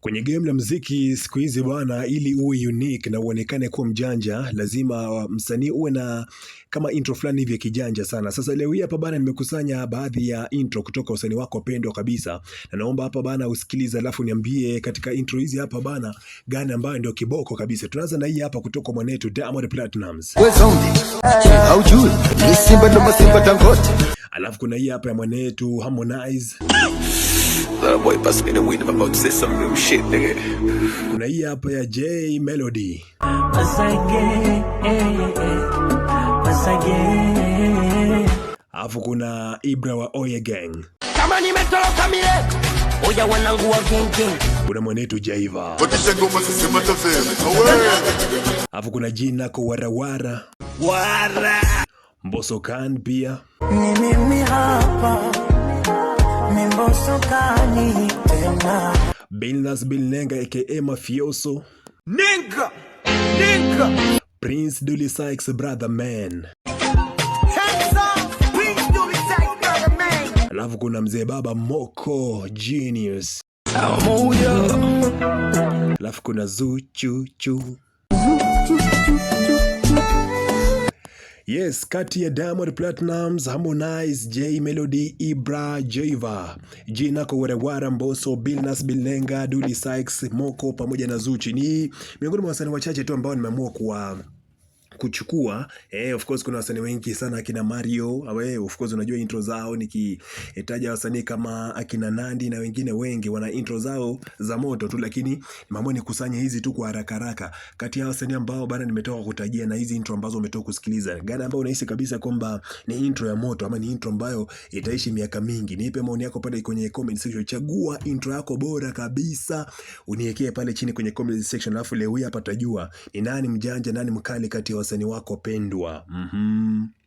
Kwenye game la mziki siku hizi bwana, ili uwe unique na uonekane kuwa mjanja, lazima uh, msanii uwe na kama intro fulani hivi ya kijanja sana. Sasa leo hii hapa bana, nimekusanya baadhi ya intro kutoka usanii wako pendwa kabisa, na naomba hapa bana usikilize, alafu niambie katika intro hizi hapa bana, gani ambayo ndio kiboko kabisa. Tunaanza na hii hapa kutoka mwanetu Diamond Platnumz. Alafu kuna hii hapa ya mwanetu Harmonize. Ah, kuna hii hapa ya J Melody. Eh, eh, eh. Alafu kuna Ibra wa Oye Gang. Kama nimetoroka mile, oya wanangu wa gang gang. Kuna mwanetu Jaiva. Alafu kuna jina kwa warawara. Wara. Mbosso Khan pia ni mimi hapa, ni Mbosso Khan tena. Bilnas Bilnenga aka Mafioso Nenga, Nenga. Prince Dully Sykes brother man. Alafu kuna mzee baba Moko Genius. Alafu kuna Zuchu chu. Zuchu chu chu. Yes, kati ya Diamond Platnumz, Harmonize, J Melody, Ibra, Jaiva, Gina Kowerewara, Mbosso, Billnas Bilenga, Dully Sykes, Moko pamoja na Zuchi ni miongoni mwa wasanii wachache tu ambao nimeamua kuwa kuchukua. Eh, of course kuna wasanii wengi sana akina Mario, eh, of course unajua intro zao nikitaja wasanii kama akina Nandi na wengine wengi wana intro zao za moto tu, lakini mambo ni kusanya hizi tu kwa haraka haraka. Kati ya wasanii ambao bana nimetoka kutajia na hizi intro ambazo umetoka kusikiliza, gani ambao unahisi kabisa kwamba ni intro ya moto ama ni intro ambayo itaishi miaka mingi? Nipe maoni yako pale kwenye comment section. Chagua intro yako bora kabisa uniwekee pale chini kwenye comment section, alafu leo hapa tutajua ni nani mjanja, nani mkali kati ya wasanii wako pendwa. Mm -hmm.